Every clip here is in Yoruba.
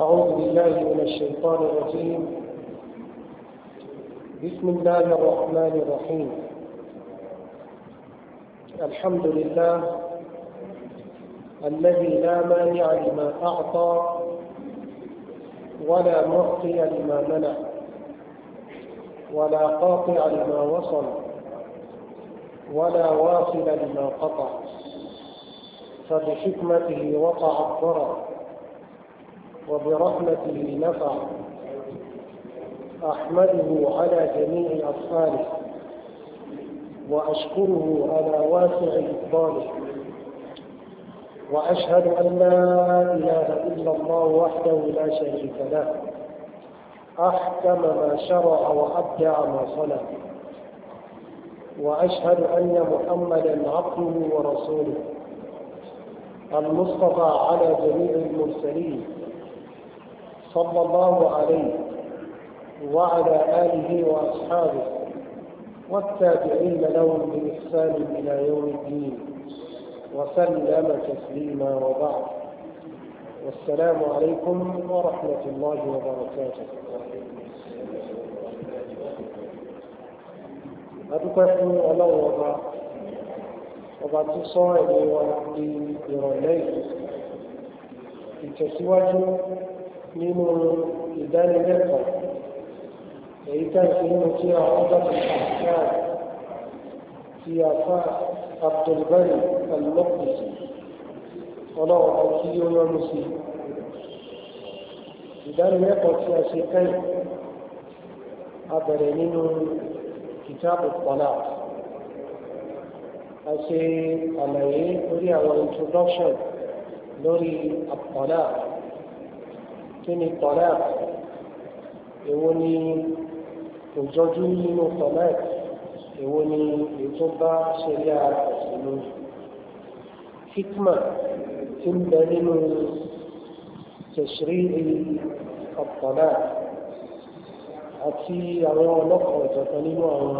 أعوذ بالله من الشيطان الرجيم بسم الله الرحمن الرحيم الحمد لله الذي لا مانع لما أعطى ولا معطي لما منع ولا قاطع لما وصل ولا واصل لما قطع فبحكمته وقع الضرر وبرحمته نفع أحمده على جميع أطفاله وأشكره على واسع اقباله وأشهد أن لا إله إلا الله وحده لا شريك له أحكم ما شرع وأبدع ما صنع وأشهد أن محمدا عبده ورسوله المصطفى على جميع المرسلين صلى الله عليه وعلى آله وأصحابه والتابعين لهم بإحسان إلى يوم الدين وسلم تسليما وبعد والسلام عليكم ورحمة الله وبركاته أدوكم الله وبركاته ọba tó sọ ẹ̀mí wa di ìrọ̀lẹ́ ìtẹ̀síwájú nínú ìdánilẹ́kọ̀ọ́ èyí tẹ̀sí nínú tí a ọba ti kà tí a fa Abdulbari al-Maqdisi ọlọ́wọ́ kí ó yọnu sí ìdánilẹ́kọ̀ọ́ tí a ṣe kẹ́yìn a nínú kìtàbù pọ̀láà a ṣe àlàyé lórí àwọn introduction lórí àpọ̀lá kí ni pọ̀lá èwo ni òjọjú nínú pọ̀lá èwo ni ètò bá ṣẹlẹ̀ àṣìlò hikma tí ń bẹ nínú tẹ̀sírí ọ̀pọ̀lá àti àwọn ọlọ́pàá ìjọba nínú àwọn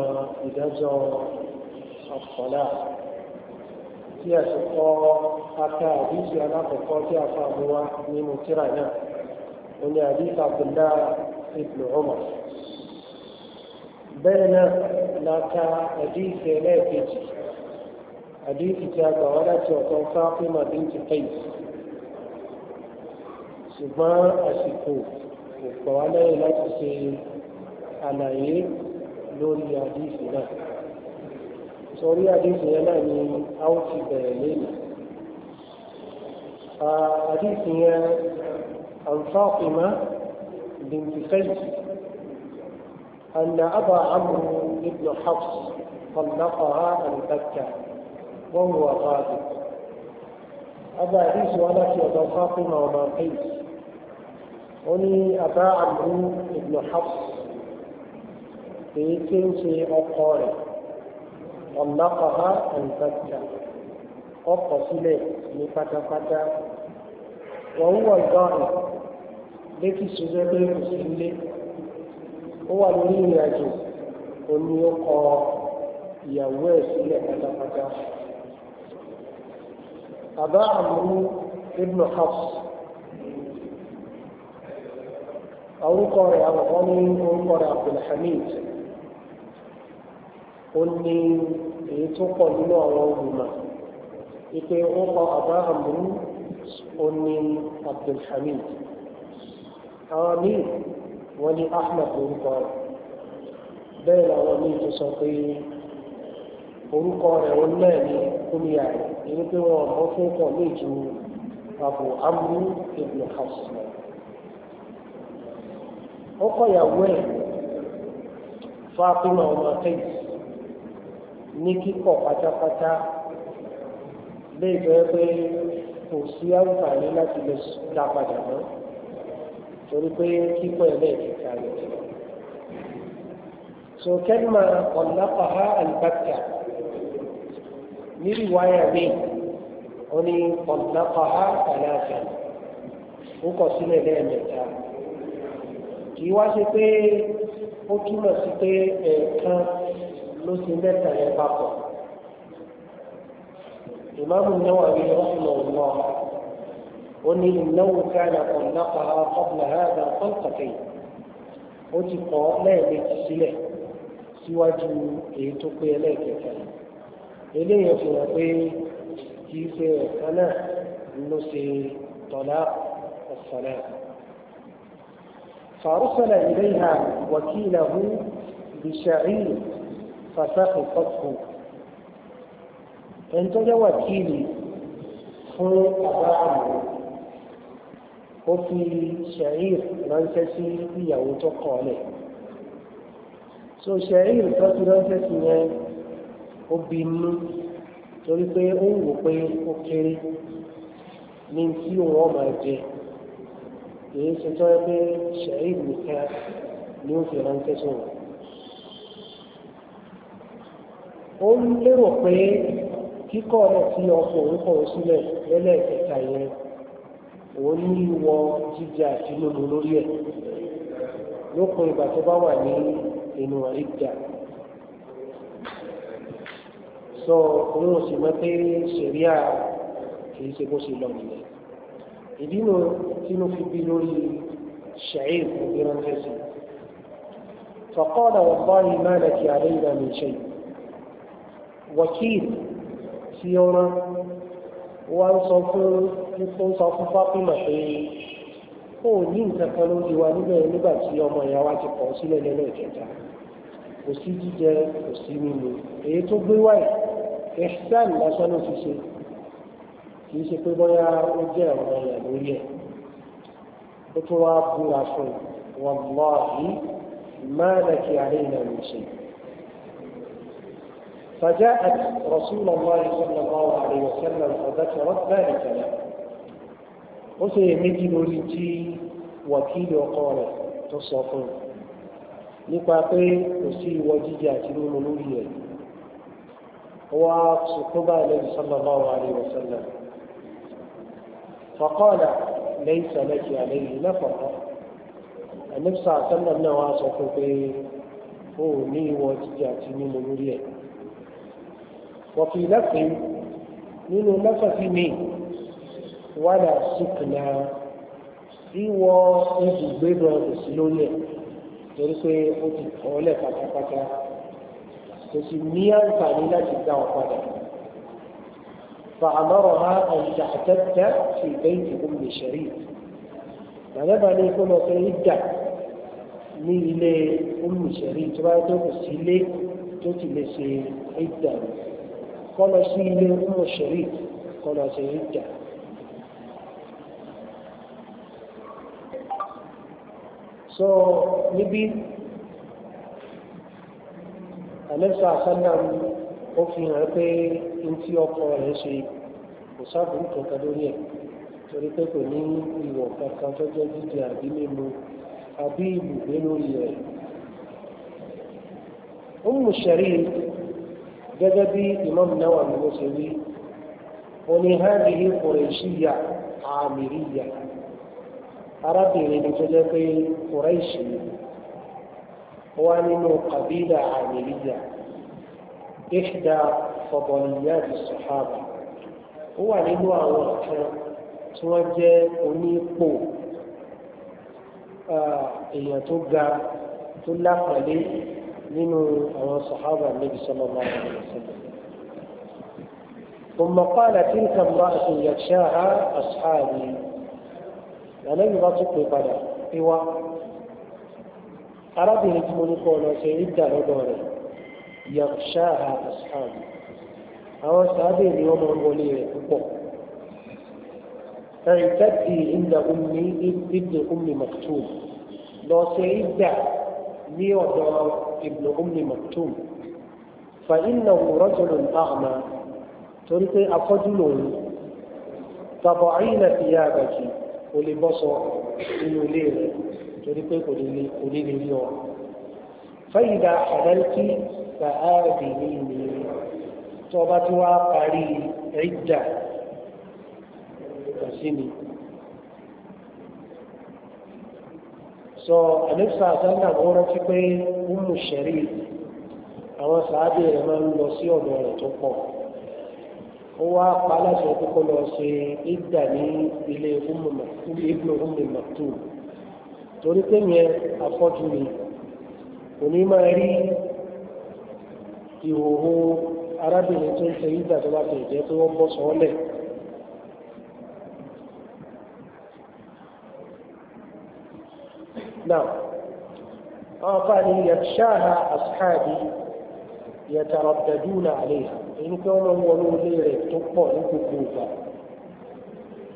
ìdájọ́ ọ̀pọ̀lá tí a sì kọ́ ata àdìsí alákọ̀ọ́kọ́ tí a fà mú wa nínú tíra náà ó ní àdìsí Abdullah ibn Umar bẹ́ẹ̀ náà la ka àdìsí ẹlẹ́ẹ̀kejì àdìsí tí a gbà wá láti ọ̀tọ̀ Fatima binti Qais ṣùgbọ́n àsìkò kò pọ̀ wá lẹ́yìn láti ṣe àlàyé lórí àdìsí náà torí àdéhùn yẹn náà ni a ó ti bẹ̀rẹ̀ lẹ́yìn. àdéhùn yẹn àǹfààfìmá bìntì fẹ́yì أن أبا عمرو بن حفص طلقها عن بكة وهو غادر أبا عيسى ولا في أبا فاطمة وما قيس وني أبا عمرو بن حفص في كنسي أقارب ọ̀nàkọ̀há ẹ̀ǹtàjà ọkọ̀ sílẹ̀ ní pátápátá wọ́n ń wọ̀ gbọ́rọ̀ létí sọ́jọ́ pé kò sí ilé ó wà lórí ìrìn àjò òní ó kọ ìyàwó ẹ̀ sílẹ̀ pátápátá. Bàbá àmúrú Ibn Hafs orúkọ rẹ̀ àwọn ọmọ orúkọ rẹ̀ Abdulhamid ó ní èyí tó pọ̀ nínú àwọn olùmọ̀ wípé ó ó ní Abdulhamid àwọn míì Ahmad orúkọ rẹ̀ bẹ́ẹ̀ làwọn míì tó sọ pé orúkọ rẹ̀ ó náà ní kúmíà rẹ̀ èyí pé wọ́n mọ́ fún pọ̀ ní ìjú Hasan ìyàwó ní kíkọ̀ pátápátá lè jẹ́ pé kò sí àǹfààní láti lè dá padà mọ́ torí pé kíkọ̀ ẹlẹ́ẹ̀kẹta rẹ̀ jẹ́. so kẹ́lìmà ọ̀nàpàá àlùbákà ní ìwáyà mi ó ní ọ̀nàpàá àlàáfíà ó kọ̀ sílẹ̀ lẹ́ẹ̀mẹ́ta kì í wá ṣe pé ó túmọ̀ sí pé ẹ̀ẹ̀kan ló ti mẹ́ta yẹn papọ̀. ìmáàmù Nawawi rahimahullah ó ní ìnáwó káyà ọ̀nàkà ọ̀pọ̀lá àgbà kọ́ńtàkì ó ti kọ́ lẹ́ẹ̀mejì sílẹ̀ síwájú èyí tó pé ẹlẹ́ẹ̀kẹta eléyìí fi hàn pé kì í ṣe ẹ̀ka náà ló ṣe tọ́lá ọ̀sán فأرسل إليها وكيله بشعير fàṣàkì kọ́tù ẹni tó jẹ́ wàkíìlì fún bàbá àmọ́ ó fi ṣẹ̀rír ránṣẹ́ sí ìyàwó tó kọ̀ ọ́lẹ̀ so ṣẹ̀rír tó fi ránṣẹ́ sí yẹn ó bí inú torí pé ó ń wò pé ó kéré ní tí wọ́n máa jẹ èyí ṣe tọ́ pé ṣẹ̀rír nìkan ni ó fi ránṣẹ́ sí wọn. ó ń lérò pé kíkọ́ rẹ̀ tí ọkọ̀ orúkọ sílẹ̀ lẹ́lẹ́ẹ̀kẹta yẹn òun ní wọ jíjẹ àti mímu lórí ẹ̀ lókun ìgbà tó bá wà ní inú ìjà sọ òun ò sì mọ̀ pé ṣẹ̀ríà kìí ṣe bó ṣe lọ nìyẹn ìdí nu tí mo fi bí lórí ṣẹ̀ríà òbí ránṣẹ́ sí فقال والله ما لك علينا من شيء wakil tí ó rán wá ń sọ fún ń sọ fún fápímà pé ó ní nǹkan kan ló di wa níbẹ̀ nígbà tí ọmọ ìyá wa ti pọ̀ sílẹ̀ lẹ́nu ìjẹta kò sí jíjẹ kò sí mímu èyí tó gbé wáyé ẹ̀sán lásán ló ti ṣe kì í ṣe pé bóyá ó jẹ́ ọ̀rọ̀ ìyà lórí ẹ̀ ó tún wá búra fún wọn lọ́ọ̀hí máa lẹ́kì àárín ìlànà ìṣèlú. فجاءت رسول الله صلى الله عليه وسلم فذكرت ذلك له وفي مجلسي وكيل وقال تصفون نقاطي وسي وجيجاتي المنوية وصحبة النبي صلى الله عليه وسلم فقال ليس لك عليه نفقة النبي صلى الله عليه وسلم نواصفه هو ني وجيجاتي المنوية wọ̀fí lẹ́fẹ̀ nínú lẹ́fẹ̀sí mi wàdà sùkùnà ìwọ ibùgbé lọ sí lórí ẹ̀ torí pé ó ti kọ́ lẹ̀ pátápátá kò sì ní àǹfààní láti dá ọ padà. فأمرها أن تعتد في بيت أم شريك bàbá ní kó lọ fẹ́ ìjà ní ilé olùsẹ̀rí tó bá tó kò sí ilé tó ti lè ṣe ìjà rẹ̀ kó lọ sí ilé Umu Sharik kó sí ìjà. so níbí àlẹ́sà sálàm ó fi hàn pé ntí ọkọ rẹ̀ ṣe kò sábùrú kankan lórí ẹ̀ torí pé kò ní ìwọ̀ kankan tó jẹ́ jíjẹ àbí mímu àbí ibùgbé lórí rẹ̀. Umu Sharik gẹ́gẹ́ bí Imam Nawawi ló ṣe rí oní hádìí kùrẹ́ṣíyà àmìríyà arábìnrin ni tó jẹ́ pé kùrẹ́ṣì wá nínú kàbílà àmìríyà ìṣdà fọ̀bọ̀nìyà di sọ̀hábà ó wà nínú àwọn kan tí wọ́n jẹ́ onípò ah, èèyàn tó ga tó lápàlé nínú àwọn sàhábà níbi sọlọ máa ń lọ sílẹ̀. ثم قال تلك امرأة يغشاها أصحابي ولم يغطق قدر إيوا أرابي هجمون قولوا سيدة هدوري يغشاها أصحابي أو أصحابي اليوم الغولية فاعتدي عند أمي ابن أم مكتوب لو سيدة ní ọ̀dọ̀ ibnu ummi maktum fa innahu rajulun a'ma torí pé afọ́jú lòun tàbọ̀ àyínà ti yá àgbàjì kò lè bọ́sọ inú ilé rẹ̀ torí pé kò lè rí ọ. fẹ́yìndà àdálkì fa áàbì ní ìní tó bá tí wàá parí ẹ̀jà kò ni. so àlẹ́fà àtàlà wọ́n rántí pé Ummu Sharik àwọn sàábì rẹ̀ máa ń lọ sí ọ̀dọ̀ rẹ̀ tó pọ̀ ó wá pa aláṣẹ kókó lọ ṣe ìgbà ní ilé Ibnu Ummi Maktum torí pé yẹn afọ́jú ni kò ní máa rí ìhòòhò arábìnrin tó ń ṣe ìgbà tó bá fi ìjẹ́ pé wọ́n bọ́ sọ́ọ́lẹ̀. islam àwọn afa ni yàtṣáha asuhaabi yàtàràdàdúnà àléhà èyí pé wọn wọnú ilé rẹ̀ tó pọ̀ ní gbogbo ìgbà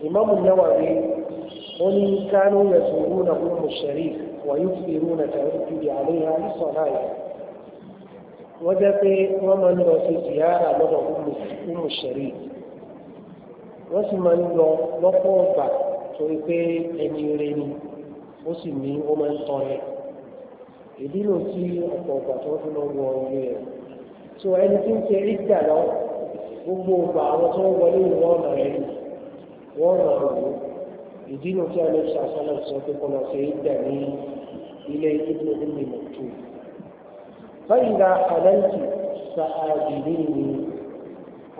ìmáàmù Nawawi wọn ní kánú yàtúrúnà ọmọ sharif ويكثرون التعبد عليها للصلاة وذلك ومن في زيارة لدى أم الشريف وسمى له لقوبة تويبي أميريني ó sì ní ó máa ń tọrẹ ìdí nù tí ọ̀pọ̀ ọ̀gbà tó fi lọ wọ ilé rẹ̀ tó ẹni tí ń ṣe rí gbà lọ gbogbo ọgbà àwọn tó ń wọlé ìlú ọ̀nà rẹ̀ wọ́n ràn án lò ìdí nù tí alẹ́ ṣàṣàlẹ̀ sọ pé kọ́ lọ ṣe gbà ní ilé ìdílé nílé mọ̀tò fẹ́yìnà àlẹ́ǹtì sàádìlẹ́ni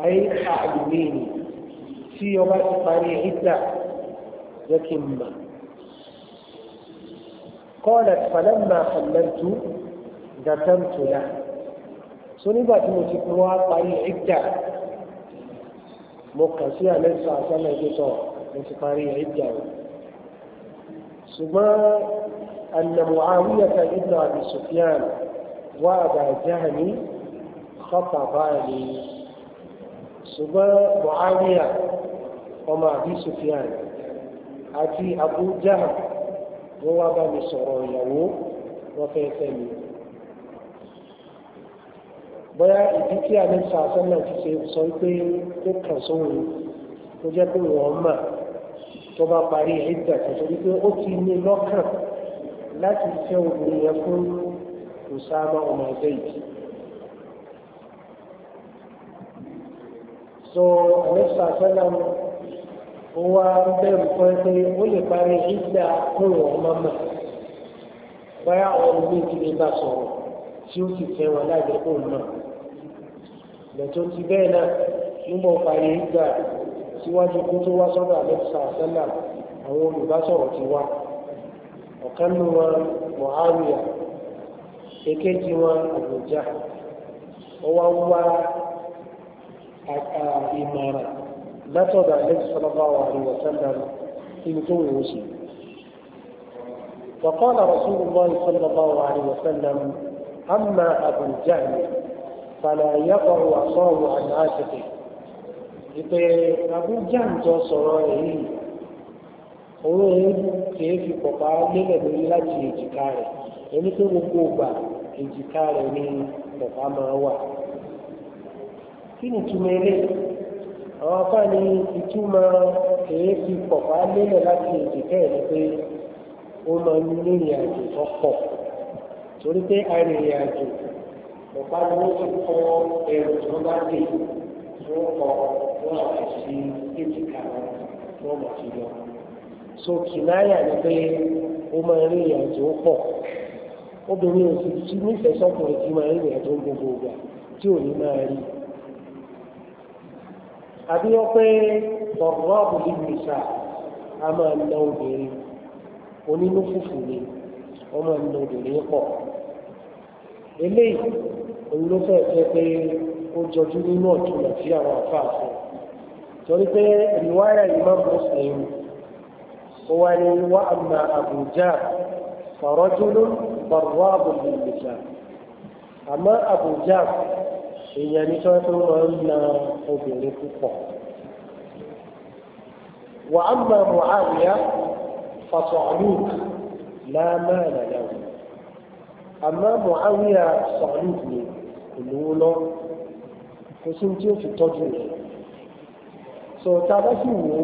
ayé àdìlẹ́ni tí ọba ti parí ìdá jẹ́ kí n to e idi lo ti opo ogba to fi lo wo ile re to eni ti n se ri gba lo gbogbo ogba awon to n wole ilu ona re ni won ran an lo idi lo ti ale sasale so pe ko lo si gba ni ile n lo idile nile moto feyina alenti saadileni aye adileni ti oba ti pari ida je ki n mo قالت فلما حللت ذكرت له سنبا تموتي كوا قال عدة مقاسية ليس عسانا جسو انتقاري عدة ثم أن معاوية ابن أبي سفيان وأبا جهل خطباني ثم معاوية وما أبي سفيان أتي أبو جهل wọ́n wá bá mi sọ̀rọ̀ ìyàwó wọ́n fẹ́ fẹ́ mi. bóyá ìdí tí àlẹ́sà sọ́nà ti ṣe sọ pé ó kàn sóhun tó jẹ́ pé wọ́n mà tó bá parí ìdà kàtó wípé ó ti ní lọ́kàn láti fẹ́ obìnrin yẹn fún Usama ọmọ ẹgbẹ́ yìí. so àlẹ́sà sọ́nà ó wá bẹ̀rù pé pé ó lè parí ìgbà fún ọmọ mọ̀ báyà àwọn ọmọ mi lè bá sọ̀rọ̀ tí ó sì fẹ́ wọn láì jẹ́ kó mọ̀ lẹ́tọ́ ti bẹ́ẹ̀ náà nígbà parí ìgbà síwájú kó tó wá sọ́dọ̀ àlẹ́sà sẹ́là àwọn olùbásọ̀rọ̀ ti wá ọ̀kan látọ̀dọ̀ àlẹ́sì sọ́lọ́báwà àríwọ̀ sẹ́lẹ̀ inú tó wù ú sí. وقال رسول الله صلى الله عليه وسلم أما أبو الجهل فلا يضع عصاه عن عاتقه ìpè abújáǹjọ sọ̀rọ̀ èyí owó eégún kìí fi pọ̀pá lélẹ̀ lórí láti èjìká rẹ̀ ẹni pé gbogbo ògbà èjìká rẹ̀ ni pọ̀pá máa wà. kí ni túmọ̀ àwọn afáàní ìtumọ̀ èéfì pọ̀pá lélẹ̀ láti èdè bẹ́ẹ̀ pé ó máa ń rìnrìn àjò tó pọ̀ torí pé arìnrìn àjò pọ̀pá ni wọ́n ti kọ ẹrù tó bá dé wọ́n kọ wọ́n àti sí èjìká wọ́n mọ̀ sí lọ. so kìnnáyà ni pé ó máa ń rìnrìn àjò pọ̀ obìnrin òsì tí nífẹ̀ẹ́ sọ́kùnrin ti máa ń rìnrìn àjò gbogbo ìgbà tí ò ní máa rí i àbí wọ́n pé sọ̀rọ̀bù nínú ìṣà a máa ń na obìnrin onínú fùfù ni wọ́n máa ń na obìnrin pọ̀ eléyìí òun ló fẹ́ fẹ́ pé ó jọjú nínú ọ̀túnlẹ̀ tí àwọn àfáàfẹ́ torí pé ìwáyà Imam Muslim ó wá ní wá àmà àbújá فرجل ضراب للنساء أما أبو جعفر ìyẹn ní sọ pé wọ́n ń na obìnrin púpọ̀. wà á mọ Muawiya fasọ̀lùk láàmà nàdáwò àmọ́ Muawiya sọ̀lùk ni ìlúwó lọ kò sí tí ó fi tọ́jú rẹ̀. sọ tá sì wò ó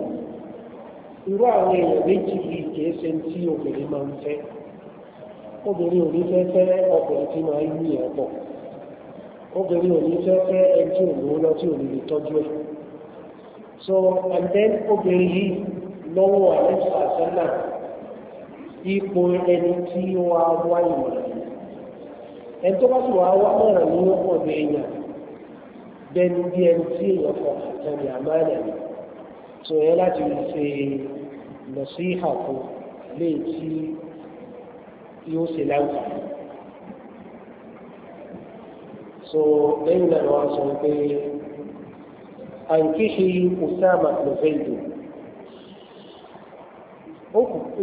irú àwọn èèyàn méjì yìí kìí ṣe tí obìnrin máa ń fẹ́ obìnrin ò ní fẹ́ fẹ́ ọkùnrin tí máa ń yí ẹ̀ pọ̀ obìnrin ò ní fẹ́ fẹ́ ẹni tí ò lọ tí ò ní lè tọ́jú ẹ̀ so and then obìnrin yìí lọ́wọ́ àlẹ́sà àṣálà ipò ẹni tí wà wá ìmọ̀ràn ẹni tó bá sì wà wá mọ̀ràn ní ọ̀dọ̀ èèyàn bẹ́ẹ̀ni bí ẹni tí èèyàn fọ àtẹ̀lẹ̀ àmàlẹ̀ so yẹ láti ṣe lọ sí àpò léè tí yóò ṣe láǹfààní so lẹ́yìn náà wọ́n sọ pé àǹkíṣe Usama lọ́fẹ̀ẹ́dù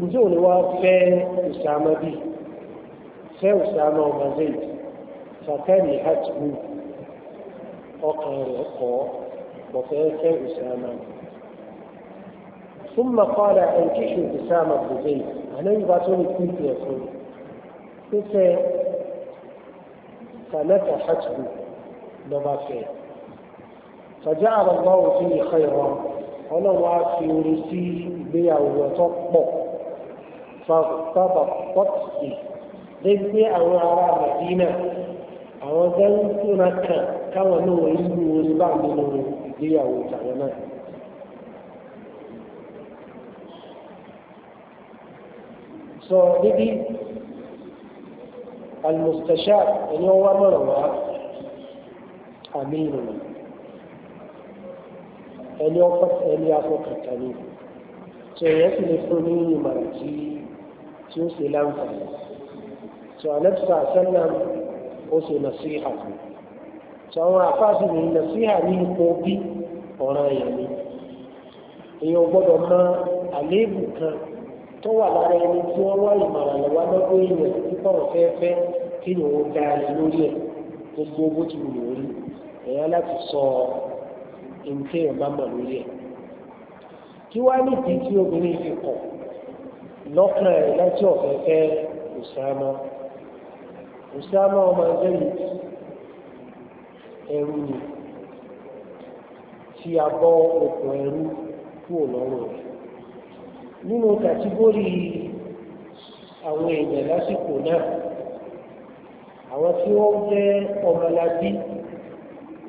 ǹjẹ́ òní wá fẹ́ Usama bíi fẹ́ Usama ọmọ Zayd fàkàní hàtìmù ọkàn rẹ̀ kọ́ bọ̀fẹ́ fẹ́ Usama ثم قال أنكشوا أسامة بن زيد أنا يبعثوني كنت يقول كنت فنكى حتبه لما فيه فجعل الله فيه خيرا ونوى في رسي بيع وتطبع فاغتبطت به ذنب àwọn ará Madina àwọn gẹ́gùnà kan káwọn náà ìlú orípa nínú ìgbéyàwó ìtàwọn náà sọ níbi المستشار يعني هو مروى أميننا ẹni ọkọ ẹni afọkàtà ni tí ẹ̀yẹ́ sì lè fún ní ìmọ̀ràn tí tí ó ṣe láǹfààní tí ọ̀nẹ́tìsà sẹ́nà ó ṣe nà sí àpò tí àwọn àpáàtì ní nà sí àní ipò bí ọ̀ràn ẹ̀yà ni èèyàn gbọ́dọ̀ mọ àléébù kan tó wà lára ẹni tí wọ́n wá ìmọ̀ràn lọ́wọ́ lọ́dọ̀ èèyàn tí kọ̀rọ̀ fẹ́ẹ́fẹ́ kí ni òun da ẹ̀ lórí ẹ̀ gbogbo bó ti wù lórí ẹ̀yà láti sọ nǹkan ẹ̀ bá mọ̀ lórí ẹ̀. kí wá nídìí tí obìnrin fi kọ̀ lọ́kàn ẹ̀ láti ọ̀fẹ́fẹ́ Usama Usama ọmọ ẹgbẹ́ mi ẹrú ni tí a bọ́ ẹrú kúrò lọ́rùn rẹ̀ nínú kàtígórì àwọn èèyàn lásìkò náà àwọn tí wọ́n jẹ́ ọmọlábí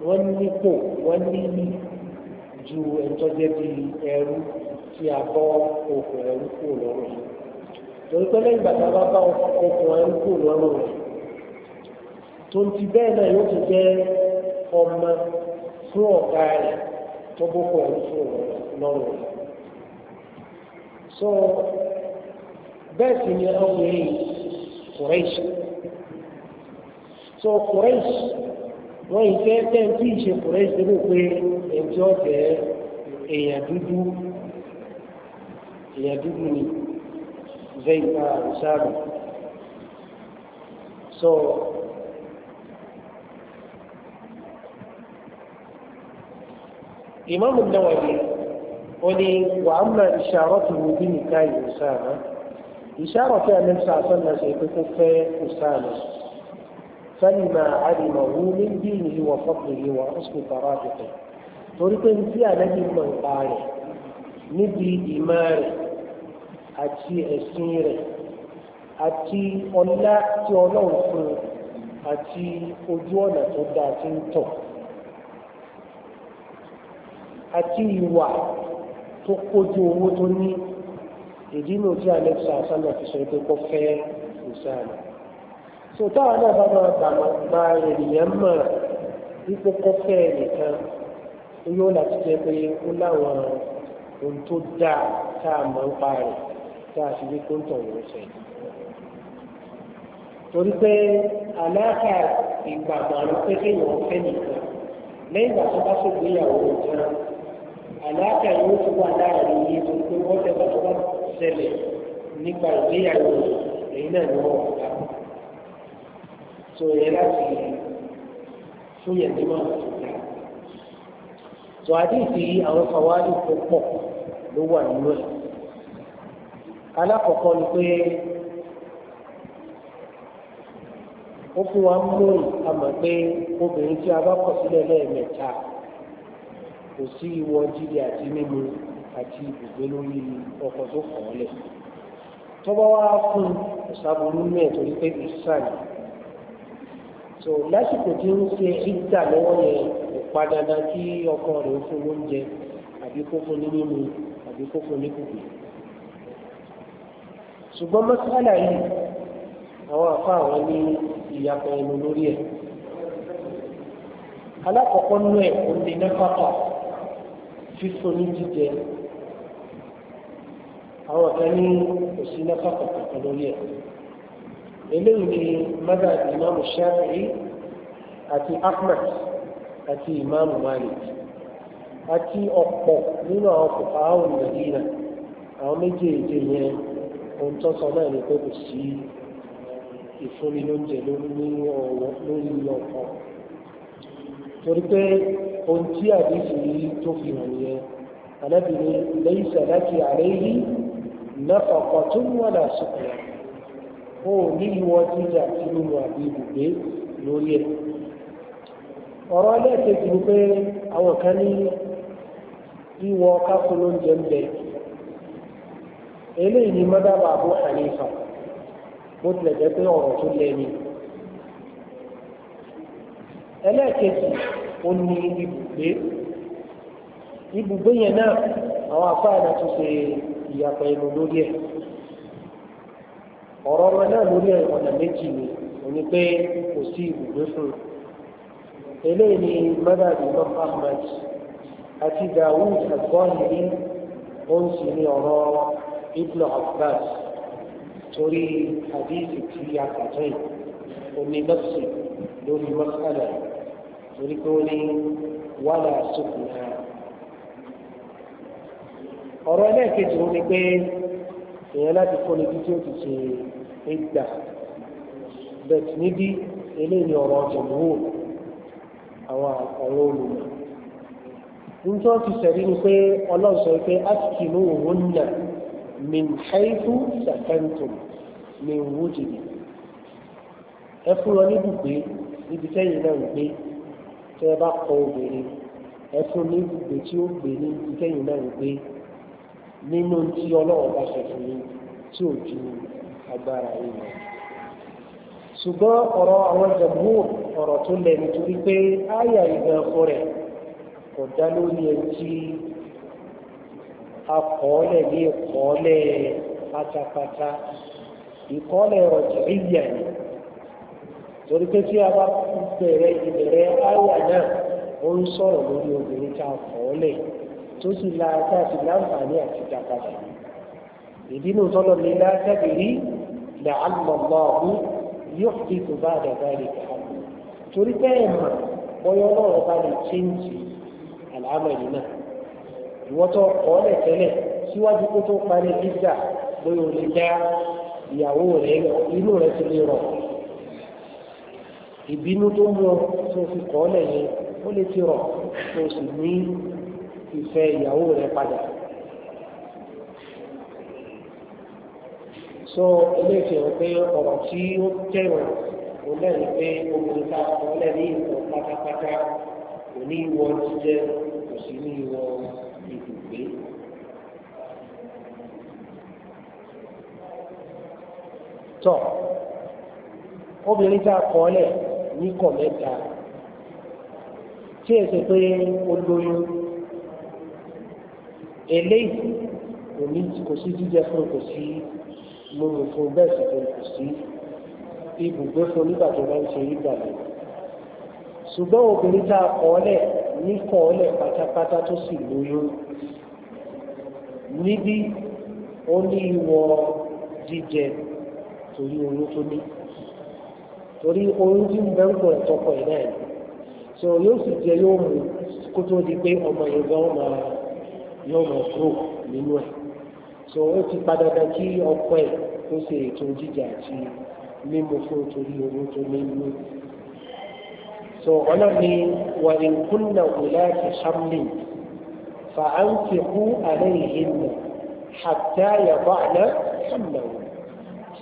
wọ́n nípò wọ́n ní ju ẹ̀ńtọ́jẹ́ bí ẹrú tí a bọ́ okùn ẹrú kúrò lọ́rùn rẹ̀ torí pé lẹ́yìn bàtà bá bá okùn ẹrú kúrò lọ́rùn rẹ̀ tó ń ti bẹ́ẹ̀ náà yóò ti jẹ́ ọmọ fún ọ̀gá rẹ̀ tó bókùn ẹrú kúrò lọ́rùn rẹ̀ so bẹ́ẹ̀ sì ni ọkùnrin Quraysh so Quraysh wọ́n yìí fẹ́ tẹ́ tí ì ṣe Quraysh débò pé ẹjọ́ jẹ́ èèyàn dúdú èèyàn dúdú ni zayn ṣáàbù so Imam Nawawi قولي وأما إشارته بنكاح أسامة إشارة أن النبي صلى الله عليه وسلم سيتكفى أسامة فلما علمه من دينه وفضله وحسن ترافقه torípé ní tí ànábì mọ̀ nípa rẹ̀ níbi ìmọ̀ rẹ̀ àti ẹ̀sìn rẹ̀ àti ọlá tí ọlọ́run fún àti ojú ọ̀nà tó dáa ti ń tọ̀ àti ìwà tó kójú owó tó ní ìdí inú tí alexa asana fi sọ pé kó fẹ́ ìsáàlà so táwọn náà bá máa gba ènìyàn mọ̀ wípé kó fẹ́ nìkan yóò láti jẹ́ pé ó láwọn ohun tó dáa tá a máa ń pa rẹ̀ tá a fi rí kó ń tọ̀ wọ́n sẹ́yìn torí pé aláàkà ìgbàgbọ́ àrùn pé kéèyàn fẹ́ nìkan lẹ́yìn ìgbà tó bá ṣègbéyàwó nìkan àlàáfíà yóò tún wà láàrin yìí tó pé wọ́n tẹ bá tó bá ṣẹlẹ̀ nípa ìgbéyàwó èyí náà ni wọ́n wà ká. tó yẹ láti fún yẹn ní máa tó dá. tó àdéhìí àwọn fàwárí tó pọ̀ ló wà nínú ẹ̀. alákọ̀ọ́kọ́ ni pé ó fún wa mú ìkàmọ̀ pé obìnrin tí a bá kọ̀ sílẹ̀ lẹ́ẹ̀mẹ́ta kò sí ìwọ jíjẹ àti mímu àti ibùgbé lórí ọkọ̀ tó kàn án lẹ̀. tọ́ba wá fún ìsàbùrú mẹ́ẹ̀ torí pé ìsàn so lásìkò tí ń ṣe ìdà lọ́wọ́ yẹn kò pa dandan kí ọkọ rẹ̀ fún lóúnjẹ àbí kó fún ní mímu àbí kó fún ní kùkù. ṣùgbọ́n mọ́sálà yìí àwọn àfa àwọn ní ìyàtọ̀ ẹnu lórí ẹ̀. alákọ̀ọ́kọ́ nú ẹ̀ kò ní náfàkà. fífún ní jíjẹ àwọn kan ní òsì náfà pàtàkì lórí ẹ̀ eléyìí ni mọ́dà ìmáàmù àti Ahmad àti ìmáàmù Malik àti ọ̀pọ̀ nínú àwọn fòkàáwò Nàìjíríà àwọn méjèèjì yẹn ohun tó sọ náà ni pé kò sí ìfúnni ohun tí àdéhùn yìí tó fi hàn yẹn alábìrin lẹ́yìn sàdákì àléyìn lẹ́kọ̀ọ̀kọ̀ tó ń wọ́n dà sọ̀rọ̀ ó ní ìwọ jíjà tí nínú àbí ibùgbé lórí ẹ̀ ọ̀rọ̀ ẹlẹ́ẹ̀kejì ni pé àwọn kan ní ìwọ káfọ́ lóúnjẹ ń eléyìí ni mọ́dábà bó tilẹ̀ jẹ́ pé ọ̀rọ̀ tó lẹ́ni ẹlẹ́ẹ̀kejì ó ní ibùgbé ibùgbé yẹn náà àwọn afáàlà tún ṣe ìyàpọ̀ ẹnu lórí ẹ̀ ọ̀rọ̀ wọn náà lórí ẹ̀ ọ̀nà méjì ni òní pé kò sí ibùgbé fún un eléyìí ni mọ́dàbí imam ahmed àti dawud àgbọ́nìí òun sì ni ọ̀rọ̀ ibn abbas torí hadith tí a òní nọ́ọ̀sì lórí mọ́sálà yìí torí pé ó ní wàhálà sókùn náà ọ̀rọ̀ ẹlẹ́ẹ̀kejì ó ní pé èèyàn láti kó níbi tí ó ti ṣe é gbà bẹ́ẹ̀ níbi eléyìí ni ọ̀rọ̀ ọ̀jọ̀gbọ́n wò àwọn ọ̀rọ̀ olùmọ̀ nítorí ti sẹ̀rí ni pé ọlọ́run sọ pé askinu hunna min haifu sakantum min wujidi ẹ fún wọn níbùgbé níbi tẹ́yìn náà ń gbé tẹ́ ẹ bá kọ obìnrin ẹ fún ní ìgbé tí ó gbé ní ìkẹyìn náà gbé nínú tí ọlọ́wọ́ bá ṣe fún tí ò ju agbára yìí lọ. ṣùgbọ́n ọ̀rọ̀ àwọn jẹ̀múù ọ̀rọ̀ tó lẹ̀ nítorí pé ìgbà rẹ̀ a bá bẹ̀rẹ̀ ìbẹ̀rẹ̀ áwà náà ó ń sọ̀rọ̀ lórí obìnrin tá a fọ́ lẹ̀ tó sì la tá a sì láǹfààní àti ìdápadà ìdínú tọ́lọ̀ ní látàbí rí làálùmọ̀lọ́ọ̀hún yóò fi tó bá àdàbà rẹ̀ ká torí bẹ́ẹ̀ mà bọ́yọ́ náà bá lè chéǹjì àlámọ̀lì náà ìwọ́tọ̀ ọ̀ọ́lẹ̀ tẹ́lẹ̀ síwájú kó tó parí gíga lórí olè dá ìyàwó rẹ̀ inú rẹ̀ ti lè rọ̀ ìbínú tó mú ọ tó fi kọ́ lẹ́yìn ó lè ti rọ̀ tó sì ní ìfẹ́ ìyàwó rẹ̀ padà. so eléyìí rẹ̀ pé ọ̀rọ̀ tí ó tẹ̀wọ̀ kò lẹ́yìn pé obìnrin ta kọ́ lẹ́yìn ìwọ̀ pátápátá kò ní ìwọ jíjẹ kò sí ní ìwọ ibùgbé. tọ́ obìnrin ta kọ́ lẹ́yìn níkọ̀ mẹ́ta tí ẹ̀sẹ̀ pé ó lóyún eléyìí kò ní kò sí jíjẹ fún kò sí lóru fún bẹ́ẹ̀ sì fún kò sí ibùgbé fún nígbà tó bá ń ṣe nígbà lọ ṣùgbọ́n obìnrin tá a kọ́ọ́lẹ̀ ní kọ́ọ́lẹ̀ pátápátá tó sì lóyún níbi ó ní ìwọ jíjẹ torí oyún tó ní torí oyún tí ń bẹ ń pọ̀ ẹ̀tọ́kọ ẹ̀ náà ni so yóò sì jẹ yóò mú kó tó di pé ọmọ yẹn gan máa yóò máa kúrò nínú ẹ̀ so ó ti padà dá kí ọkọ ẹ̀ ó ṣe ètò jíjà àti mímu fún torí oyún tó ní inú so ọlọ́ni wà ní kúnnà wùlá ti hamlin fa an fi kú àlẹ́ ìhìn náà hatta yàgbọ́ àlẹ́ hamlin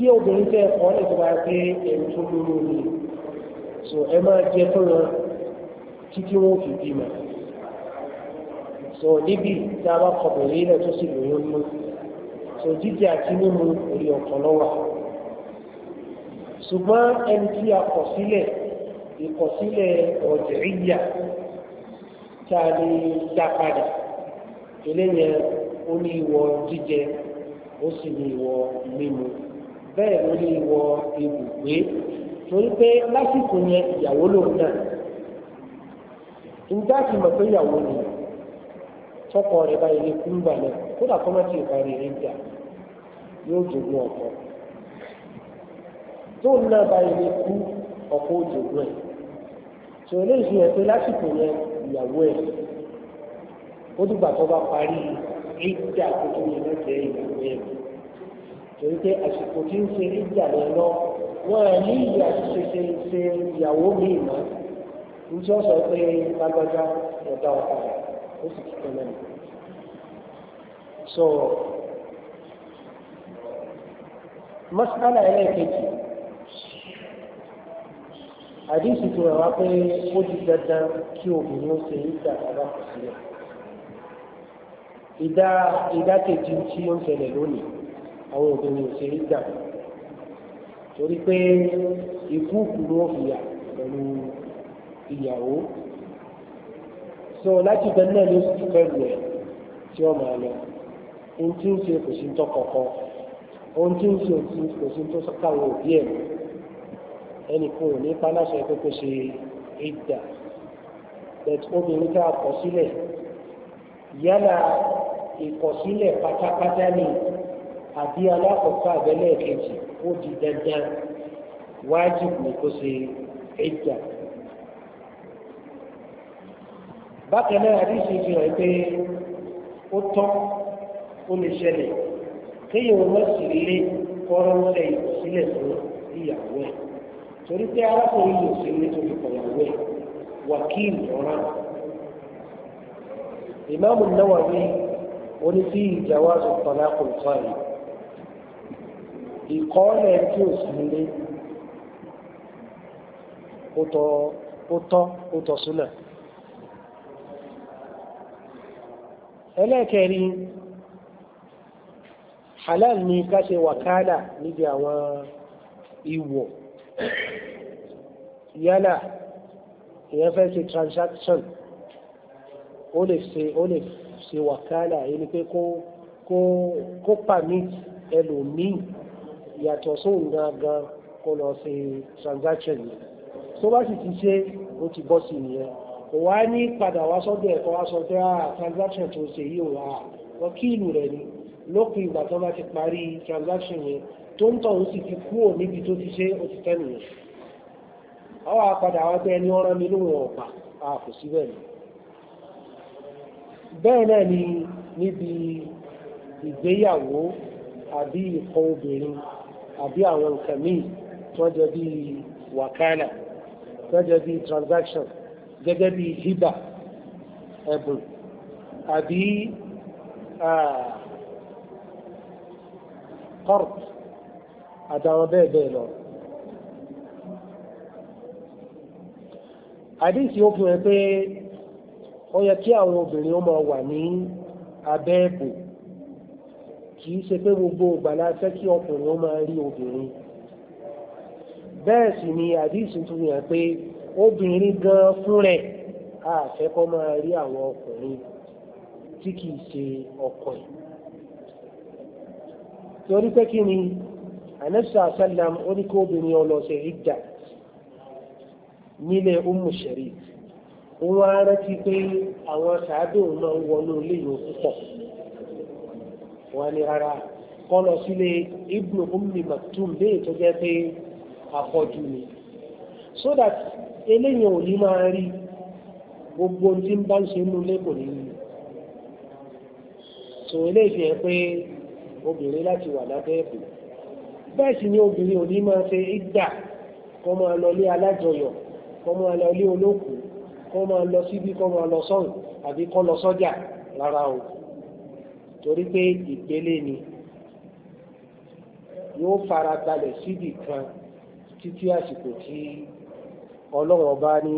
tí obìnrin tẹ́ ẹ̀kọ́ lè tó bá pé ẹ̀rù tó lóró ni so ẹ máa jẹ fún wọn títí wọn fi bímọ so níbi tá a bá kọ̀bọ̀ yìí náà tó sì lóyún mú so jíjẹ àti mímu orí ọ̀kan lọ́wọ́ ṣùgbọ́n ẹni tí a kọ̀ sílẹ̀ ìkọ̀sílẹ̀ ọ̀jẹ̀ ìyà tá a lè dá padà eléyẹn ó ní ìwọ jíjẹ ó sì ní ìwọ mímu. bẹ́ẹ̀ ló ní wọ ibùgbé torí pé lásìkò yẹn ìyàwó lòun náà njẹ́ àti mọ̀ pé ìyàwó ni tọkọ rẹ̀ báyìí kú náà kódà kọ́mọ́tì ìparí jà o lè fi hàn pé lásìkò yẹn ìyàwó tó bá parí ìjà tuntun yẹn ìyàwó torí pé àsìkò tí ń ṣe ìjà rẹ lọ wọn ẹ ní ìyá ṣe ṣe ṣe ìyàwó mi mọ ní tí wọn sọ pé lágbájá ẹ̀dá ọkọ rẹ ó sì ti tẹ́lẹ̀ mi. so masala ẹlẹ́ẹ̀kejì àdìsí tó rẹ̀ wá pé ó di dandan kí obìnrin ó ṣe ìjà bàbá kò sílẹ̀ ìdá ìdá kejì tí ó ń ṣẹlẹ̀ lónìí àwọn obìnrin ò ṣe é gbà torí pé ikú kúrò ìyà pẹ̀lú ìyàwó so láti bẹ náà ló sì fẹ́ lù ẹ̀ tí ó máa lọ ohun tí ń ṣe kò sí tó kọ̀kọ́ ohun tí ń ṣe kò sí tó káwọn òbí ẹ̀ ẹnì kan ò ní paláṣẹ pé kó ṣe ìdà bẹ́ẹ̀ obìnrin tá a kọ sílẹ̀ yálà ìkọ̀sílẹ̀ pátápátá ni àbí alákọ̀ọ́kọ́ àbẹ́lẹ̀ kejì ó di dandan wájib ní kó ṣe ẹ̀jà. bákan náà àdìsí fi hàn pé ó tọ́ ó lè ṣẹlẹ̀ kéèyàn wọ́n sì lé kọ́rọ́ńsẹ̀ ìsílẹ̀ fún ìyàwó ẹ̀ torí pé arákùnrin yìí ò nítorí ìyàwó ẹ̀ wákìlì ọ̀ràn. ìmáàmù Nawawi oní sí ìjàwá sọ̀tàn lákòókò yìí ìkọ́lẹ̀ tí ò sí nílé ó tọ́ ó tọ́ súnlẹ̀ ẹlẹ́ẹ̀kẹ́rin halal ni ká ṣe wàkálà níbi àwọn ìwọ̀ yálà èyàn fẹ́ ṣe transaction ó lè ṣe ó lè ṣe wàkálà ẹni pé kó pàmí ẹlòmíì yàtọ̀ sóhun gangan kó lọ si transaction yẹn tó bá sì ti ṣe ó ti bọ́ sí nìyẹn kò wá ní padà wá sọ́dọ̀ ẹ̀kọ́ wá sọ́dọ̀ à ah, transaction tó ṣe yìí wà wọ́n kí ìlú rẹ̀ ni lópin ìgbà tó bá ti parí transaction yẹn tó ń tọ̀ ó sì ti kúrò níbi tó ti ṣe ó ti tẹ́ nìyẹn àwọn bẹ́ẹ̀ ni wọ́n níbi ìgbéyàwó àbí ìkọ obìnrin àbí àwọn nǹkan míì tó jẹ́ bí wàkálà tó jẹ́ bí transaction gẹ́gẹ́ bí hiba ẹ̀bùn àbí qard àtàwọn bẹ́ẹ̀ bẹ́ẹ̀ lọ. àdíṣì ó fi hàn pé ó yẹ kí àwọn obìnrin ó máa wà ní abẹ́ ẹ̀bùn kìí ṣe pé gbogbo ìgbàlá fẹ́ kí ọkùnrin ó máa rí obìnrin bẹ́ẹ̀ sì ni àdíṣì tún yàn pé obìnrin gan fún rẹ̀ àfẹ́kọ́ máa rí àwọn ọkùnrin tí kìí ṣe ọkọ ẹ̀ torí pé kí ni anẹ́sà sálàm ó ní kí obìnrin ọlọ́sẹ̀ ìdà nílé Ummu Sharik á rántí pé àwọn sàádùn náà wọnú ilé yòó wọn ni rárá kọ́ lọ sílé ibnu ummi maktum léè tó jẹ́ pé afọ́jú ni so that eléyìn ò ní máa rí gbogbo tí ń bá ń ṣe nílé kò ní rí so eléyìí fi hàn pé obìnrin láti wà lábẹ́ ẹ̀bùn bẹ́ẹ̀ sì ni obìnrin ò ní máa ṣe ìgbà kọ́ máa lọ lé alájọyọ̀ kọ́ máa lọ lé olókùn kọ́ máa lọ síbí kọ́ máa lọ sọ́run àbí kọ́ lọ sọ́jà rárá o torí pé ìpele ni yóò fara balẹ̀ síbì kan títí àsìkò tí ọlọ́run bá ní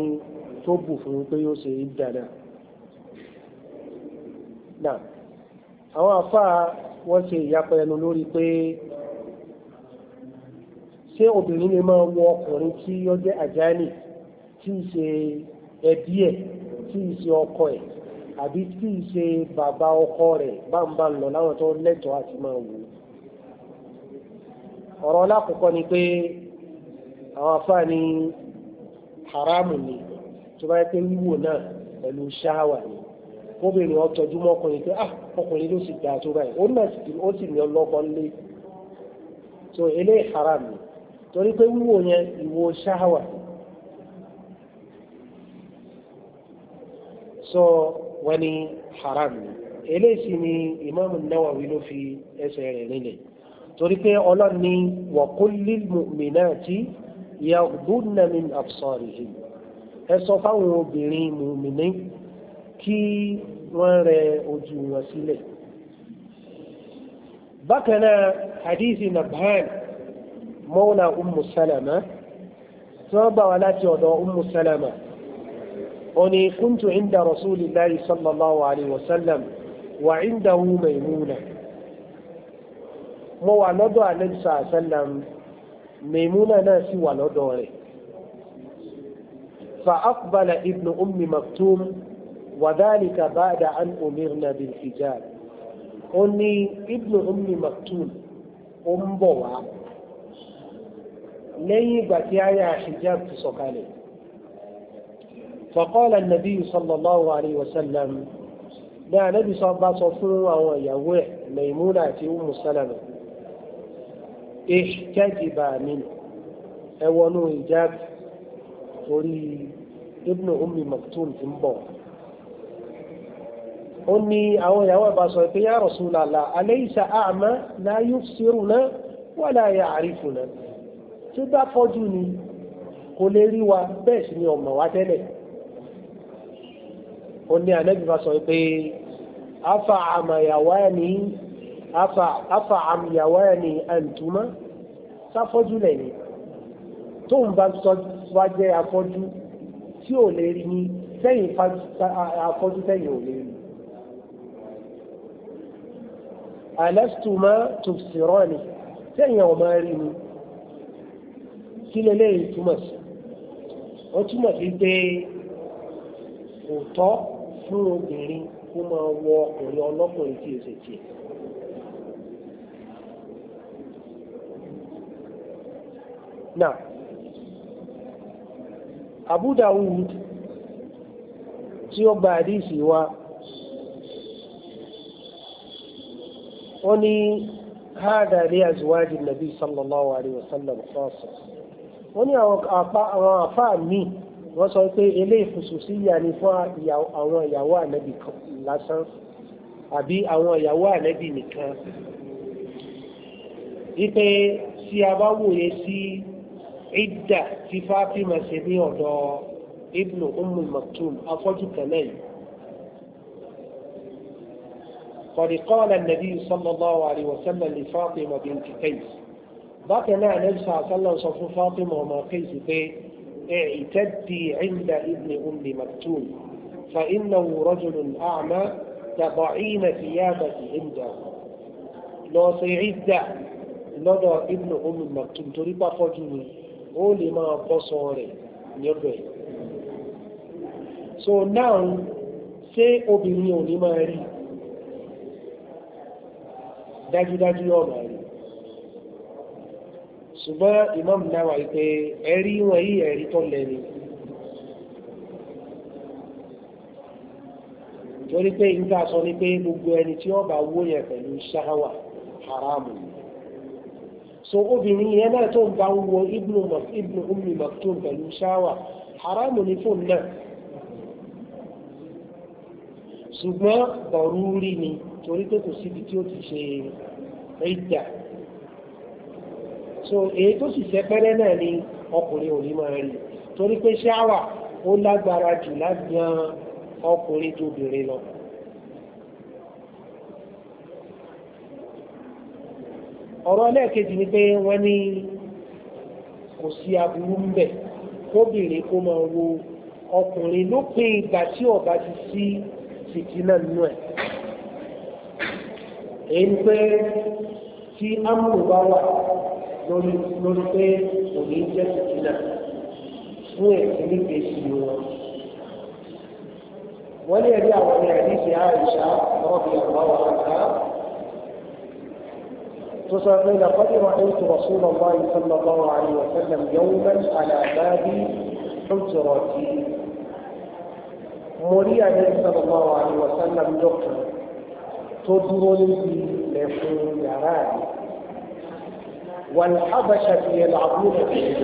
tó bù fún pé yóò ṣe ìdáná. náà àwọn àfáà wọ́n ṣe ìyapa ẹnu lórí pé ṣé obìnrin lè máa wọ ọkùnrin tí ó jẹ́ àjálì tí ṣe ẹbí ẹ̀ tí ṣe ọkọ ẹ̀ àbí tí ì ṣe bàbá ọkọ rẹ̀ báńbá ń lọ láwọn tó lẹ́tọ̀ọ́ àti máa wò ó. ọ̀rọ̀ lákòókò ni pé àwọn afáà haramu ni tó bá yẹ pé wíwò náà pẹ̀lú ṣáwà ni pé ah ọkùnrin ló sì dáa tó báyìí ó náà ó sì ní ọlọ́kọ lé so eléyìí haram torí pé wíwò yẹn ìwò ṣáwà wọ́n ní haram ni eléyìí ni ìmáàmù Nawawi ló fi ẹsẹ̀ rẹ̀ nílẹ̀ torí pé ọlọ́run ní wa qul lil mu'minati yaghdudna min absarihin ẹ sọ fáwọn obìnrin mùmìnì kí wọ́n rẹ ojú wọn sílẹ̀ bákan náà hadithi nabhan mọ́wọ́nà ummu salama tí wọ́n gbà wá láti ọ̀dọ̀ ummu salama أني كنت عند رسول الله صلى الله عليه وسلم وعنده ميمونة mo wà lọ́dọ̀ àlẹ́sà àṣẹ́lẹ̀m mẹ́múnà náà sì wà lọ́dọ̀ rẹ̀ فأقبل ابن أم مكتوم وذلك بعد أن أمرنا بالحجاب ó ní ibn Ummi Maktum ó ń bọ̀ wá lẹ́yìn ìgbà tí àyà hijab ti sọ̀kalẹ̀. So فقال النبي صلى الله عليه وسلم لا نبي صلى الله عليه وسلم أو يوح ميمونة أم سلمة احتجب منه أولو إجاب قولي ابن أم مقتول في مبوع أني أو يوح بصوتي يا رسول الله أليس أعمى لا يفسرنا ولا يعرفنا تبقى فجوني قولي روا بس ni ọmọ ó ní ànábì bá sọ pé afa àmàyàwáni afa afa àmàyàwáni àǹtúmá sáfọ́jú lẹ́yìn tó ń bá sọ wá jẹ́ afọ́jú tí ò lè rí ní sẹ́yìn afọ́jú sẹ́yìn ò lè rí. alẹ́sùtùmá tùfsìrọ́ọ̀nì sẹ́yìn ọ̀mọ rí ni kí lélẹ́yìn túmọ̀ sí ó túmọ̀ sí pé òótọ́ fún obìnrin kó máa wọ ọkùnrin ọlọ́kùnrin tí èsè tiẹ̀. Now, Abu Dawud tí ó gba àdísì wa wọ́n ní hádà lé àzíwájì nàbí sallallahu alaihi wasallam wọ́n àwọn àfáà míì wọ́n sọ pé eléyìí khususiyya ni fún àwọn ìyàwó ànábì lásán àbí àwọn ìyàwó ànábì nìkan wípé tí a bá wòye sí ìdà tí Fátímà ṣe ní ọ̀dọ̀ ibnu umu maktum afọ́jú tẹ̀lẹ̀ yìí قد قال النبي صلى الله عليه وسلم لفاطمة بنت قيس بقى نعم صلى الله عليه وسلم فاطمة وما قيس بيه اعتدي عند ابن أم مكتوم فإنه رجل أعمى تضعين ثيابك عنده لو سيعد لدى ابن أم مكتوم تريد فجني ó lè máa bọ́sọ so now say obìnrin ò ní máa rí dájúdájú ọ̀nà ṣùgbọ́n Imam Nawawi pé ẹ̀rí wọn yìí ẹ̀rí tó lẹ́ni torí pé nígbà sọ ni pé gbogbo ẹni tí wọ́n bá wó yẹn pẹ̀lú ṣáháwà haramu so obìnrin yẹn náà tó ń bá ń wo Ibnu Ummi Maktum pẹ̀lú ṣáháwà haramu ni fún náà ṣùgbọ́n bọ̀rúurí ni torí pé kò síbi tí ó ti ṣe ẹ̀dà so èyí tó sì jẹ́ pẹ́rẹ́ náà ni ọkùnrin ò ní máa rí torí pé ṣáwà ó lágbára jù lágbàn ọkùnrin tó bèrè lọ. ọ̀rọ̀ lẹ́ẹ̀kejì ni pé wọ́n ní kò sí aburú ń bẹ̀ kóbìnrin kó máa wo ọkùnrin lópin ìgbà tí ọba ti sí fìtínà nínú ẹ̀ èyí ni pé tí amúlò bá wà lórí lórí pé òní jẹ́ ìtìlẹ̀ fún èsì níbi èsì wọn. wọ́n ní ẹ̀rí àwọn ní ẹ̀rí ṣe àìṣá lọ́wọ́ bí ọ̀rọ̀ àwọn àgbà tó sọ pé lọ́kọ́dé wọn ń tọrọ sí lọ́wọ́ ìfọ́nà lọ́wọ́ àríwọ̀ sẹ́lẹ̀ yọ̀wọ́ mẹ́rin àlàbáàbí tó tọrọ sí i. mo rí àyẹ̀ sọ̀rọ̀ lọ́wọ́ àríwọ̀ sẹ́lẹ̀ dọ́kítà tó dúró níbi ẹ̀fún yàrá yìí. والحبشة يلعبون به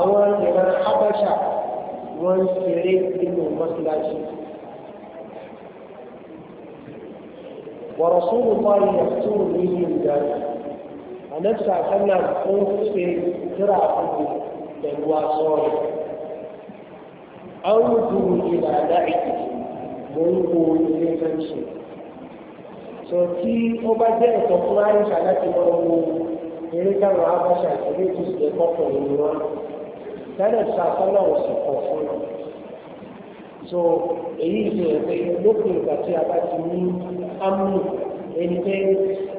àwọn ìran habasha wọ́n ń ṣeré nínú mọ́síláṣí wọ̀rọ̀sùn lùkọ́rì yàtún ní ìdájọ́ anẹ́sà sẹ́nà tó ń ṣe kíra àkókò pẹ̀lú aṣọ rẹ̀ àwọn ìdúró ìlànà ìdí mò ń wo ilé fẹ́ǹsì sọ tí ó bá jẹ́ ìtọ́kùnrin àìsàn láti lọ́wọ́ eré káwọn abáṣà eré tó ṣe kọ́kọ́ nínú wọn tẹ́lẹ̀ sàkọ́nà òsì pọ̀ fún wọn. so èyí ṣe pé lópin ìgbà tí a bá ti ní ámú ẹni pé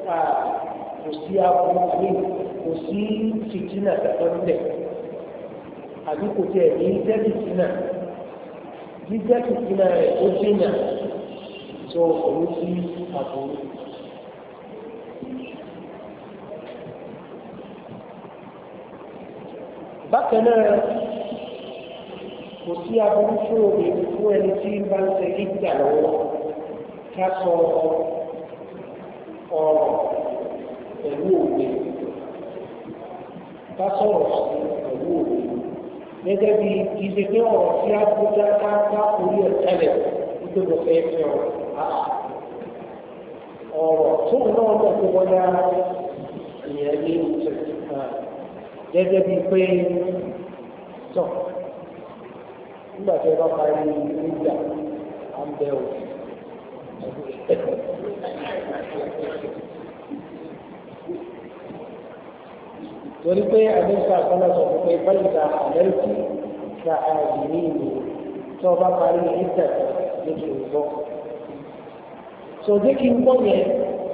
kò sí àbúrò kò sí fìtínà tẹ̀tọ́ nílẹ̀ àbí kò tiẹ̀ ní jẹ́ fìtínà jíjẹ́ fìtínà rẹ̀ ó dènà so òun sí àbúrò. bákan náà kò sí aburú fún obìnrin fún ẹni tí ń bá ń tẹ ìgbà lọ́wọ́ ká sọ ọ̀rọ̀ pẹ̀lú òwe ká sọ̀rọ̀ sí pẹ̀lú òwe gẹ́gẹ́ bí ìṣe pé ọ̀rọ̀ tí a kó já ká ká orí ẹ̀ tẹ́lẹ̀ nítorí ọ̀fẹ́ fẹ́ ọ̀rọ̀ ọ̀rọ̀ tó náà lọ́kọ́ wọ́n yá ìyẹn ní gẹ́gẹ́ bíi pé tọ̀ nígbà tí ẹ bá parí nígbà à ń bẹ òun torí pé àdéhùn àkọlọ sọ fún pé báyìí ta àlẹ́rìkì ta àìní ìlú tó o bá parí nígbà lójú ìbọn. sọ̀dẹ́ kí n gbọ́ yẹn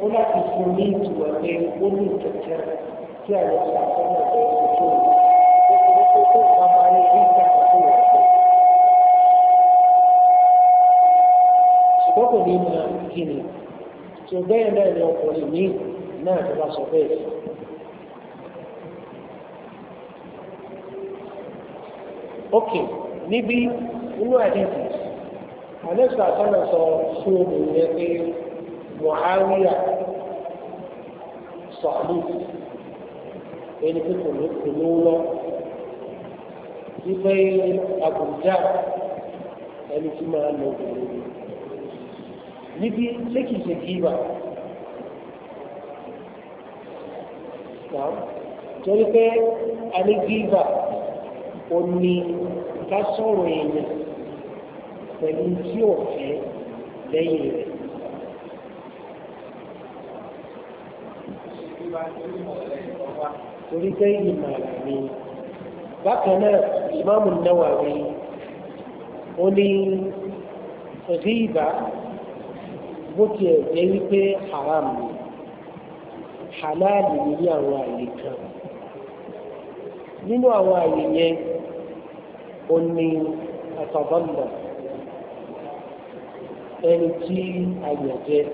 ó láti fún ní ìtura pé ó ní ìkẹ̀kẹ́ tí àlẹ́ sọ kí ni tí ó bẹ́ẹ̀ náà ni ọkùnrin mi náà tó bá sọ bẹ́ẹ̀ sí. ok níbi inú àdìsí àlẹ́sà sọ́nà sọ fún obìnrin pé Muawiya sọ̀lú ẹni pé kò ní lọ wípé Abuja ẹni tí máa lọ obìnrin níbi ṣé kìí ṣe kí bá torí pé alégíbà ò ní ká sọ̀rọ̀ èèyàn pẹ̀lú tí ò fẹ́ lẹ́yìn rẹ̀. torí pé ìmọ̀ àlàyé bákan náà ìmáàmù Nawawi ó ní ọ̀dí ìbá bó tiẹ̀ jẹ́ wípé haram ni halal ni ní àwọn àyè kan nínú àwọn àyè yẹn ó ní àtàbọ̀nbọ̀ ẹni tí àyè jẹ́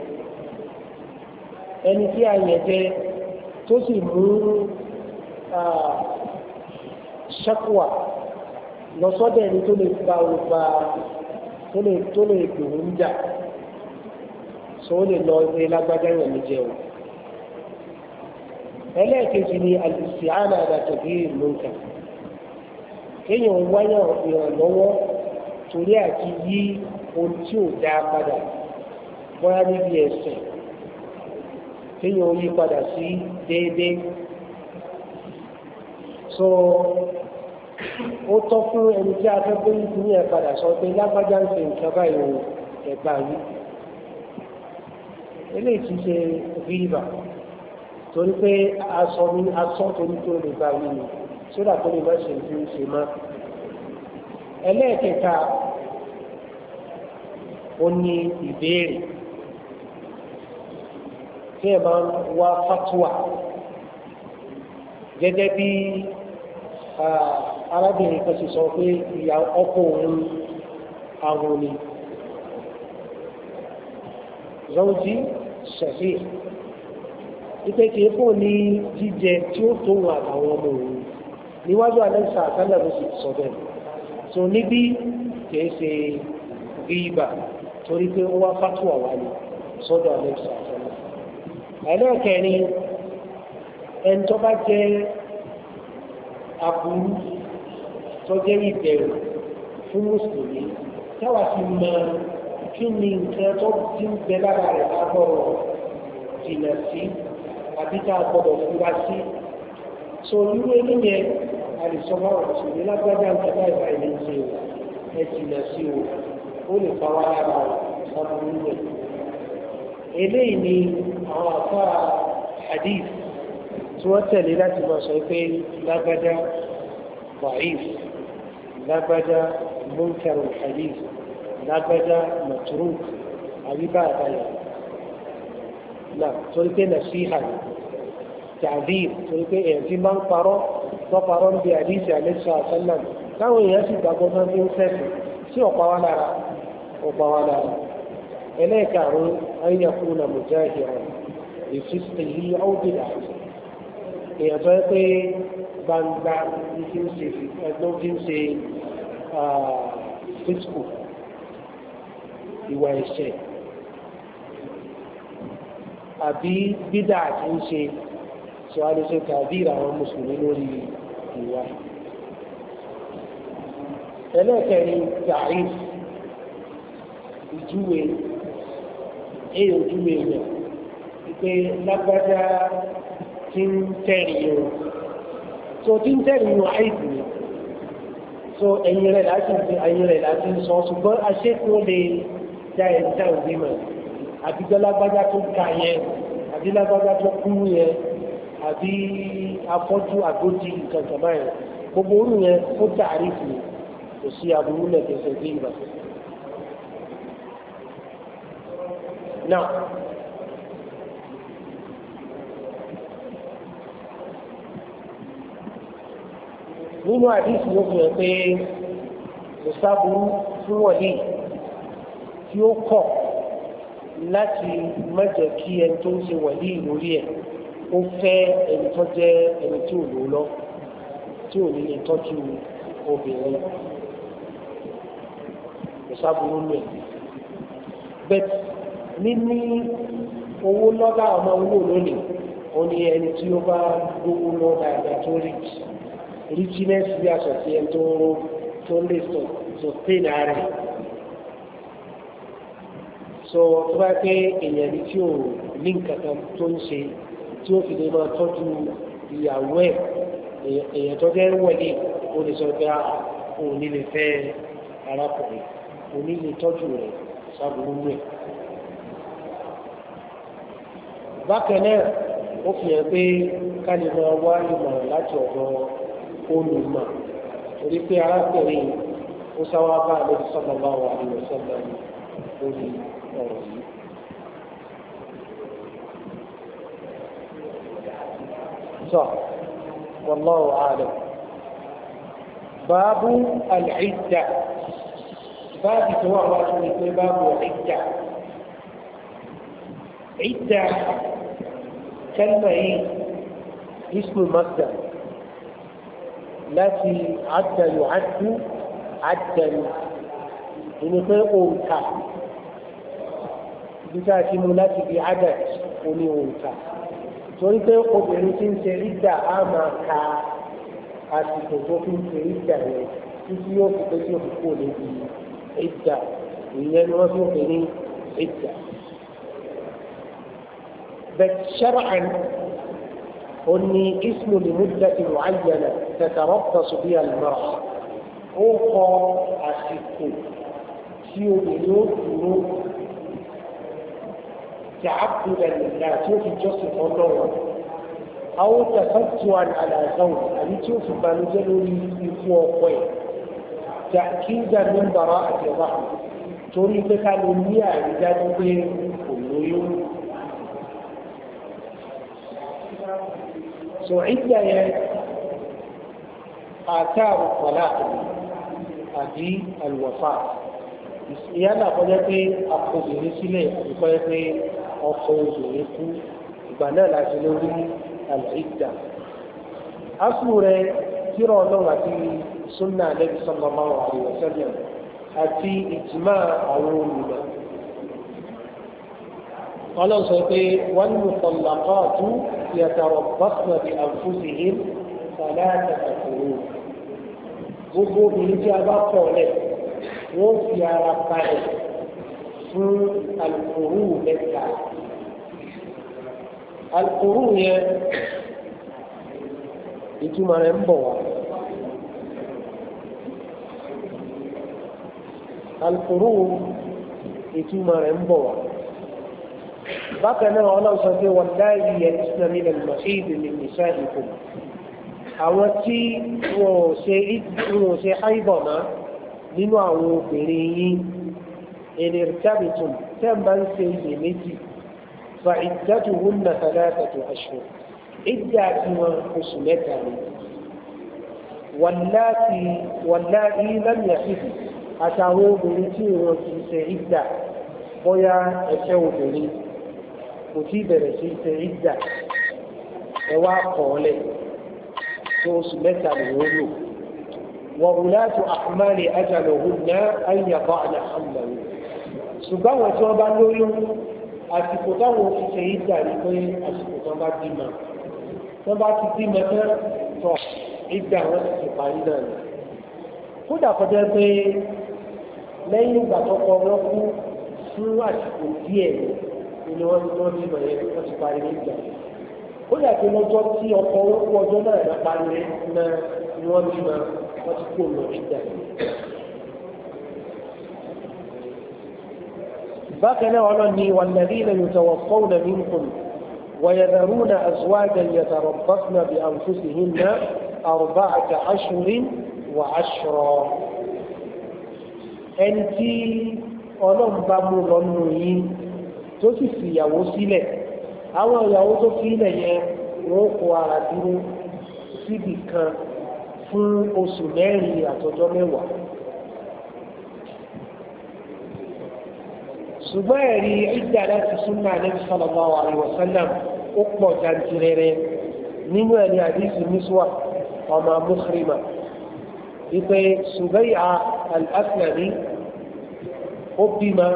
ẹni tí àyè jẹ́ tó sì mú ṣẹ́kùwà lọ sọ́dọ̀ ẹni tó lè gba òun gba tó lè gbòòrùn jà. sọ ó lè lọ ilé lágbájá yàn mí jẹun ẹlẹ́ẹ̀kejì ni alìsíánà àdàtọ̀bí ìmúǹkà kéèyàn wáyà ìrànlọ́wọ́ torí àti yí ohun tí ò dá padà bóyá níbi ẹ̀sìn kéèyàn yí padà sí déédéé so ó tọ́ fún ẹni tí a fẹ́ bóyí ẹ̀ padà sọ pé lágbájá ń nǹkan báyìí eléyìí ti ṣe ríbà torí pé aṣọ ní aṣọ torí tó lè bá wí ni sódà tó lè bá ṣe tí ó ṣe má ẹlẹ́ẹ̀kẹta ó ní ìbéèrè tí ẹ máa ń wá fatuwa gẹ́gẹ́ bí arábìnrin kan ṣe sọ pé ìyá ọkọ òun àwọn ni zawji ṣẹ̀fì ipe kìí fún ní jíjẹ tí ó tó wọn àtàwọn ọmọ òun níwájú alẹ́sà àtàlẹ̀ ló sì sọ bẹ́ẹ̀ so níbí kìí ṣe gíyìbà torí pé ó wá fátúwà wá ní sọ́dọ̀ alẹ́sà àtàlẹ̀ ẹlẹ́ẹ̀kẹrin ẹni tó bá jẹ́ aburú tó jẹ́ ìbẹ̀rù fún mùsùlùmí táwa ti máa kí ni nǹkan tó ti ń bẹ lára rẹ̀ lágbọ̀rọ̀ jìnà sí àbí tá a gbọ́dọ̀ fura sí so irú eléyẹ àlìsọ́mọ́ òṣèlú lágbájá ń tẹ́lá ìgbà ilé ṣe o ẹ jìnà sí o ó lè fa wá lára ọmọ ìwé eléyìí ni àwọn àfa hadith tí wọ́n tẹ̀lé láti máa sọ pé lágbájá wa'if lágbájá munkar hadith لابد متروك أبي بعد عليه لا تلك نصيحة تعذير تلك إعتمام فارو فارو بحديث عليه الصلاة والسلام كان يأتي بابو من يوسف سوى قوانا وقوانا إليك أن يكون مجاهرا لفسقه أو بالعزم èyí àti ọ́yẹ́ pé gbangba ní kí n ṣe ẹgbẹ́ òfin ṣe ah, fíṣkù ìwà ẹ̀ṣẹ̀ àbí bídà àti ń ṣe sọ àdéṣe tàbí àwọn mùsùlùmí lórí ìwà ẹlẹ́kẹ̀rin tààríf ìjúwe èyí ojúwe rẹ̀ pé lágbájá tí ń tẹ̀rìn o so tí ń tẹ̀rìn o àìsàn so ẹ̀yìn rẹ̀ láti ń sọ ṣùgbọ́n aṣẹ́kùn lè ìjà ẹ̀dá òní mọ̀ àbíjọ́ lágbájá tó ka yẹn àbí lágbájá tó kú yẹn àbí afọ́jú àgójì nǹkan kàmá yẹn gbogbo orú yẹn ó dàrí fún kò sí aburú lẹ́gbẹ̀ẹ́sẹ̀ bí ìgbà. náà nínú àdìsí ló fi hàn pé kò sábúrú fún wọ̀nyí tí ó kọ̀ láti má jẹ́ kí ẹni tó ń ṣe wàlí lórí ẹ̀ ó fẹ́ ẹni tó jẹ́ ẹni tí ò lò lọ tí ò ní lè tọ́jú obìnrin kò sábúrú lẹ̀ bẹ́ẹ̀ níní owó lọ́dà ọmọ owó lónìí ó ní ẹni tí ó bá gbówó lọ dáadáa tó rí richness bí aṣọ sí ẹni tó ń lè sọ tó pé náà rẹ̀ so tó bá pé èèyàn ní tí ò ní nǹkan kan tó ń ṣe tí ó fi lè máa tọ́jú ìyàwó ẹ̀ èèyàn tó jẹ́ wẹ̀lẹ̀ ó lè sọ pé ah, òun ní lè fẹ́ arákùnrin òun ní lè tọ́jú rẹ̀ sábúrú rẹ̀. bákan náà ó fi hàn pé ká lè máa wá ìmọ̀ràn láti ọ̀dọ̀ olùmọ̀ torí pé arákùnrin ó sáwá bá àlejò sọ́kàn bá wà nínú sọ́kàn yìí. صح والله أعلم باب العدة باب سواء رسول باب العدة عدة كلمة إيه؟ اسم مصدر التي عد يعد عدا ينطق ibi tá a ti mú láti fi adat oní òǹkà torí pé obìnrin ti ń ṣe rídà á máa ka àsìkò tó fi ń ṣe rídà yẹn títí yóò fi pé tí yóò fi kó níbi rídà ìyẹn ni wọ́n fi ń pè ní rídà. بل شرعا أني اسم لمدة معينة تتربص بها المرأة أوقع أسكو سيو يوت تعبدا لله tí ó fi jọ́sìn ọlọ́run àwọn tafatuan alazaun àbí tí ó fi banújẹ́ lórí ikú ọkọ ẹ̀ tàkíńdà ló ń bàrá àjẹbá torí pé ká ló ní àrídájú pé kò lóyún so ìgbà yẹn àtàrù pàlà àbí àlùwàfà ìyá náà kọjá pé àkọsílẹ̀ sílẹ̀ àbíkọ́já pé ọkọ obìnrin kú ìgbà náà láti lórí àlàídà asùn rẹ kíra ọlọ́run àti sunna alẹ́bí sọ́mọmọ àwọn ìwọ̀sẹ́lẹ̀ àti ìjìmá àwọn olùgbà ọlọ́run sọ pé wọ́n mú tọ̀làkọ́ àtú ìyàtàrọ̀ bọ́sùnà bí àǹfùsì yìí sàlẹ́ àtàkùrù gbogbo obìnrin tí a bá kọ̀ lẹ̀ wọ́n fi ara balẹ̀ fún alùpùpù mẹ́ta alùpùpù yẹn ìtumọ̀ rẹ̀ ń bọ̀ wá. alùpùpù ìtumọ̀ rẹ̀ ń bọ̀ wá. bákan náà ọlọ́run sọ pé wọ́n dá ìyẹn ìsúnami lẹ́nu lọ ìdílé nìṣá ìkó àwọn tí wọn ò ṣe àìbọ̀ mọ́ nínú àwọn obìnrin yìí. إن ارتبتم تمن سيمتي فعدتهن ثلاثة أشهر عدة حسنتها واللاتي واللاتي لم يحفظ أتاوه بنتي في عدة بويا أتاوه بني وتي برسي في عدة ẹwà kọ̀ọ̀lẹ̀ tó oṣù mẹ́ta lòólò wọ̀rùn láti àkùnmárì ajalohun náà ayyàbọ̀ àdáhàmàlú ṣùgbọ́n àwọn tí wọ́n bá lóyún àsìkò táwọn òṣìṣẹ́ yìí dà ní pé àsìkò tán bá bímọ tán bá ti bímọ tán tọ̀ ìgbà wọn sì ti parí náà ni kódà kọjá pé lẹ́yìn ìgbà tọkọ wọn kú fún àsìkò díẹ̀ ni wọ́n ti wọ́n bímọ yẹn wọ́n ti parí nígbà kódà pé lọ́jọ́ tí ọkọ wọn kú ọjọ́ náà lọ́parí náà ni wọ́n bímọ wọ́n ti kú òun bákan náà ọlọ́ni والذين يتوفون منكم ويذرون أزواجا يتربصن بأنفسهن أربعة أشهر وعشرا ẹni tí ọlọ́run bá mú lọ́nù yìí tó sì fìyàwó sílẹ̀ àwọn ìyàwó tó sílẹ̀ yẹn wọ́n kó ara dúró síbì kan fún oṣù mẹ́rin àtọjọ́ mẹ́wàá ṣùgbọ́n ẹ̀rí ìdá láti súnmọ́ ànábì sallallahu alaihi wasallam ó pọ̀ jantirẹrẹ nínú ẹ̀rí àdísì níṣùwà ọmọ Mukhrima ìpè Subay'a al-Aslami ó bímọ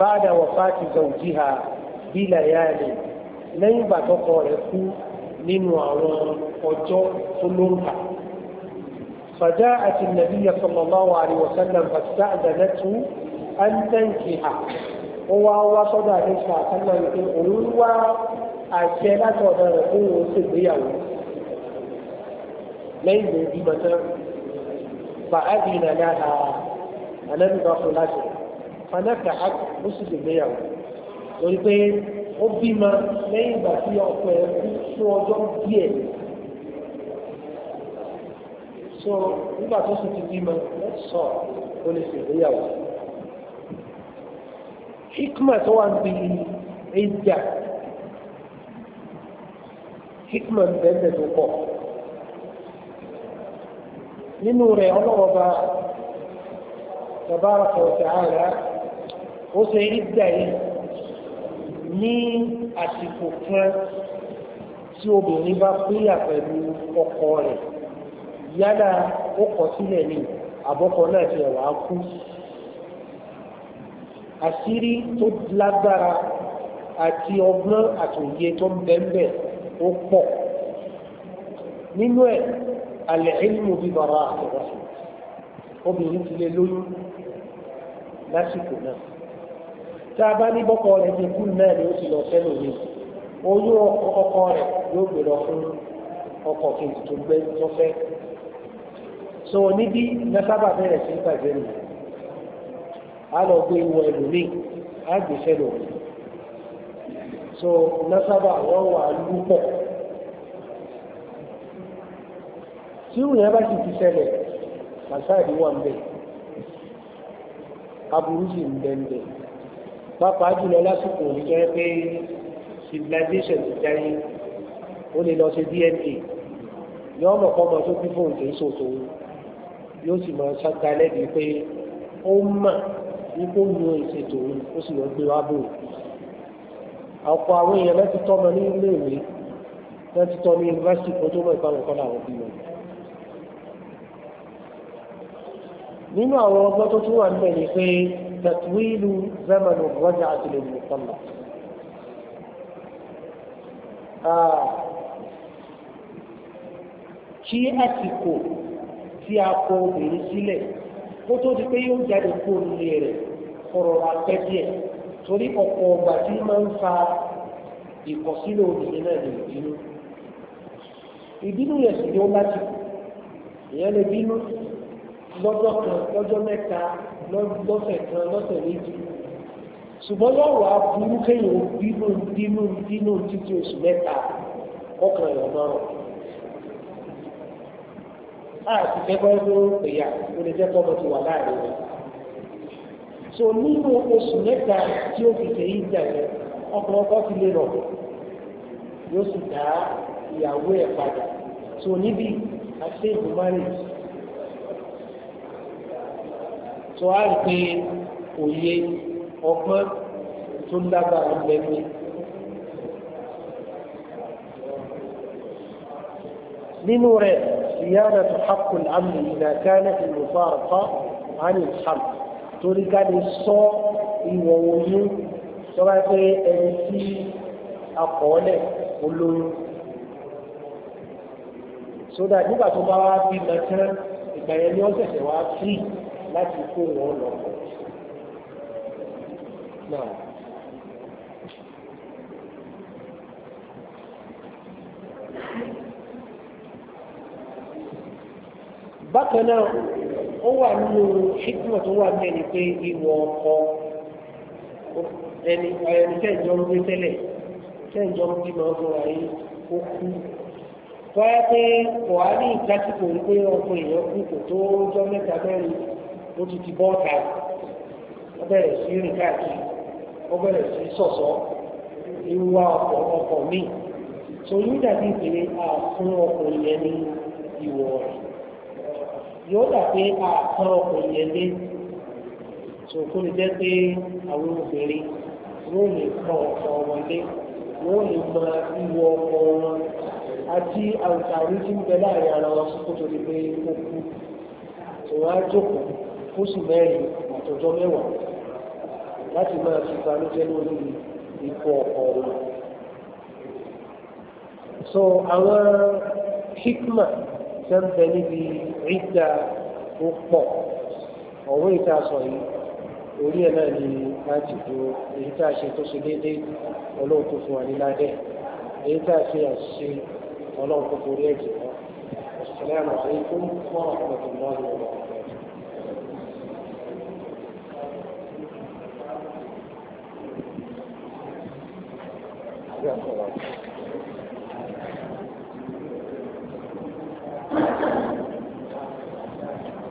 ba'da wafati zawjiha bilayali lẹ́yìn ìgbà tọkọ rẹ̀ kú nínú àwọn ọjọ́ tó lóǹkà. فجاءت النبي صلى الله عليه وسلم فاستأذنته antankiha ó wá wá sọ́dọ̀ àdéṣà kánà pé òun wá àṣẹ láti ọ̀dọ̀ rẹ̀ fún òun sì gbéyàwó lẹ́yìn ló bímọ tán fa ábìnà náà ànábì bá fún láti fanáka ákì ó sì gbéyàwó torí pé ó bímọ lẹ́yìn ìgbà tí ọkọ ẹ̀ kú fún ọjọ́ díẹ̀ so nígbà tó sì ti bímọ lọ́sọ̀ọ́ ó lè ṣègbéyàwó hikma tó wà bí ìjà hikma bẹ́ẹ̀ tó pọ̀ nínú rẹ̀ ọlọ́wọ́ba tabaraka wa ta'ala ó ṣe ìjà yìí ní àsìkò kan tí obìnrin bá péyà pẹ̀lú ọkọ rẹ̀ yálà ó kọ sílẹ̀ ní àbọ́kọ náà ti ẹ̀wà kú àṣírí tó lágbára àti ọgbọ́n àtòyẹ tó ń bẹ́ẹ̀ ó pọ̀ nínú ẹ̀ al-ilmu bi bara'ati rasul obìnrin ti lè lóyún lásìkò náà tá a bá ní bọ́kọ rẹ̀ ti kú náà ni ó ti lọ sẹ́nu mi oyún ọkọ rẹ̀ yóò gbé lọ fún ọkọ kejì tó gbé tó fẹ́ so níbi nasábà bẹ̀rẹ̀ sí bàjẹ́ nìyẹn á lọ gbé wọ ẹlòmíì á gbèsè lòmíì so nasaba wọn wà lúpọ̀ tí ìrù yẹn bá sì ti ṣẹlẹ̀ àṣáàdì wà ń bẹ̀ aburú sì ń bẹ̀ ń bẹ̀ pàápàá jùlọ lásìkò òjò pé civilization ti dáyé ó lè lọ ṣe DNA ní ọmọ kan máa tó kí fóun kì í ṣòṣòwò yóò sì máa ṣàgbá lẹ́bi pé ó mà wípé ó lo ìṣètò òun ó sì lọ gbé wá bò ó. ọ̀pọ̀ àwọn èèyàn láti tọ́ ọmọ ní iléèwé láti tọ́ ní yunifásitì kan tó mọ̀ ìpamọ́ kan láwọn bí wọn. nínú àwọn ọgbọ́n tó tún wà níbẹ̀ ni pé tàtúwìlù zamanu rọ́jà àti lè mú kọ́lá. Ah, kí àsìkò tí a kọ obìnrin sílẹ̀ kó tó di pé yóò jáde kó nílé rẹ̀ ọ̀rọ̀ wa pẹ́ díẹ̀ torí ọ̀pọ̀ ọgbà tí máa ń fa ìkọ̀sílẹ̀ obìnrin náà lè bínú ìbínú yẹn sì ni ó láti ìyẹn lè bínú lọ́jọ́ kan lọ́jọ́ mẹ́ta lọ́sẹ̀ kan lọ́sẹ̀ méjì ṣùgbọ́n lọ́rọ̀ aburú kéèyàn bínú bínú bínú títí oṣù mẹ́ta ọkàn ìrọ̀lọ́rọ̀ àti kẹ́kọ̀ọ́ ló pèyà ó lè jẹ́ tọ́mọ ti wà láàrin rẹ̀. so nínú oṣù mẹ́ta tí ó fi ṣe yíjà rẹ̀ ọkọ̀ ọkọ̀ ti lè rọ̀ yóò sì dá ìyàwó ẹ̀ padà so níbi àti ìbò marriage so a rí pé òye ọgbọ́n tó lágbára lẹ́nu nínú rẹ̀ والصيانة حق العمل إذا كانت المفارقة عن الحق torí ká lè sọ ìwọ̀ oyún tó bá pé ẹni tí akọọ́lẹ̀ olóyún sódà nígbà tó bá wá bí mẹtẹrẹ ìgbà yẹn ni ó ṣẹ̀ṣẹ̀ wá fírì láti kó wọn lọ. náà bákan náà ó wà nínú ṣíkúmọ̀ tó wà bẹ́ẹ̀ ni pé ọkọ ẹni ẹni tẹ́jọ ń gbé tẹ́lẹ̀ tẹ́jọ ń bímọ fúnra yìí ó kú wáyé pé kò á ní ìdásíkò ọkùnrin èèyàn kú kò tó jọ mẹ́ta mẹ́rin ó ti ti bọ́ ọ̀tá ó bẹ̀rẹ̀ sí rìn káàkiri ó bẹ̀rẹ̀ sí sọ̀sọ́ ìwà ọkọ̀ ọkọ̀ míì yóò dà pé àtọ́ òyìn ẹgbẹ́ ṣòkó lè jẹ́ pé àwọn obìnrin wọ́n lè kọ́ ọ̀pọ̀ wọn lé wọ́n lè mọ ìwọ ọkọ wọn àti àwùtàrí tí ń bẹ láàrin ara wọn sí kótó di pé ó kú tó wá jókòó fóṣù mẹ́rin àtọjọ́ mẹ́wàá láti máa fi balójẹ́ lórí ikú ọkọ wọn. so àwọn hikma sẹ́ńtẹ̀ níbi ìdá ó pọ̀ ọ̀wọ́ ìta sọ yìí orí ẹ̀ náà ni láti dúró èyí tá a ṣe tó ṣe déédéé ọlọ́run tó fún wa ní ládẹ́ èyí tá a ṣe àṣìṣe ọlọ́run tó forí ẹ̀jẹ̀ náà. Assalamu alaikum wa rahmatullahi wa barakatuh.